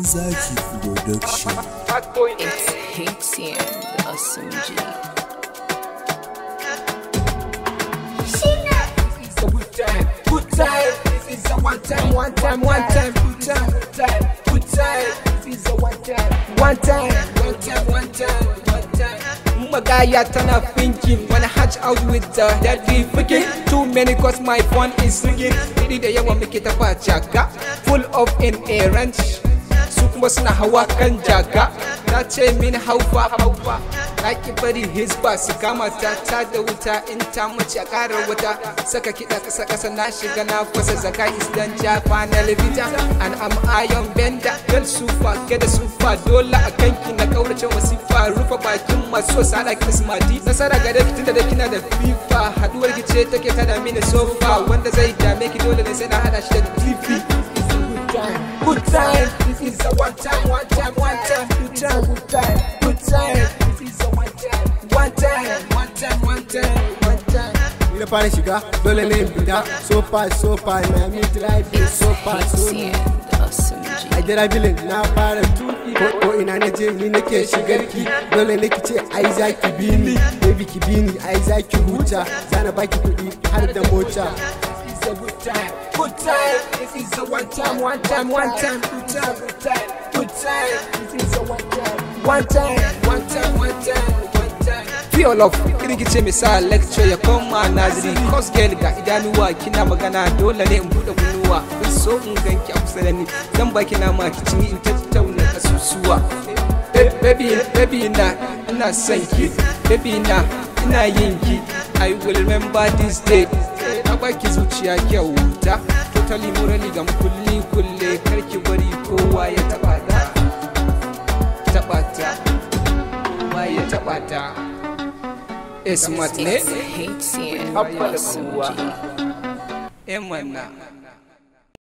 sarkin production it's Hixie and Awesome G Good time, good time, this a one time, one time, one time, good time, good time, good time, one time, one time, one time, one time, one time. Magaya tana thinking, wanna hatch out with the deadly freaking. Too many cause my phone is ringing. Really, they want me get a full of inerrant. su kuma suna hawa kan jaga ta ce min haufa haufa na ki bari hisba su kama ta ta da wuta in ta mace a ƙarar wata saka kiɗa ƙasa ƙasa na shiga na fasa zaka isdan ja na vita an am ayon benda gal sufa gada sufa dole a kanki na kaurace wasifa rufa bakin masu ala kismati nasara ga da da kina da fifa haduwar ki ce take tada mini sofa wanda zai dame ki dole ne sai na hada shi da tv Good time. It's a one time, one time, one time, good time, good time, good time. It's a one time, one time, one time, one time, one time. Ile pale shiga, dole le mbida, so far, so far, my meat life is so far, so far. I did I believe now part of two ko ina na je ni nake shigar ki dole ne kice ai za ki bi ni baby ki bi ni ai za ki huta zana baki kuɗi har da mota is a good time, good time. This is a one time, one time, one time, good time, good time, good time. This is a one time, one time, one time, one time. Pure love, irin ki ce misa lecture ya koma naziri Cos girl ga idanuwa kina magana dole ne in buɗe kunnuwa In so in ganki a kusa da ni zan baki nama ki cini in tattauna kasusuwa Baby, baby na, ina son ki, baby na, ina yin ki I will remember this day Na baki zuciya kyauta Totally morally gam kulli kulle kar ki bari kowa ya taba ta Taba ta Kowa ya taba ta Esmat eh, ne? Abba da kowa eh, na.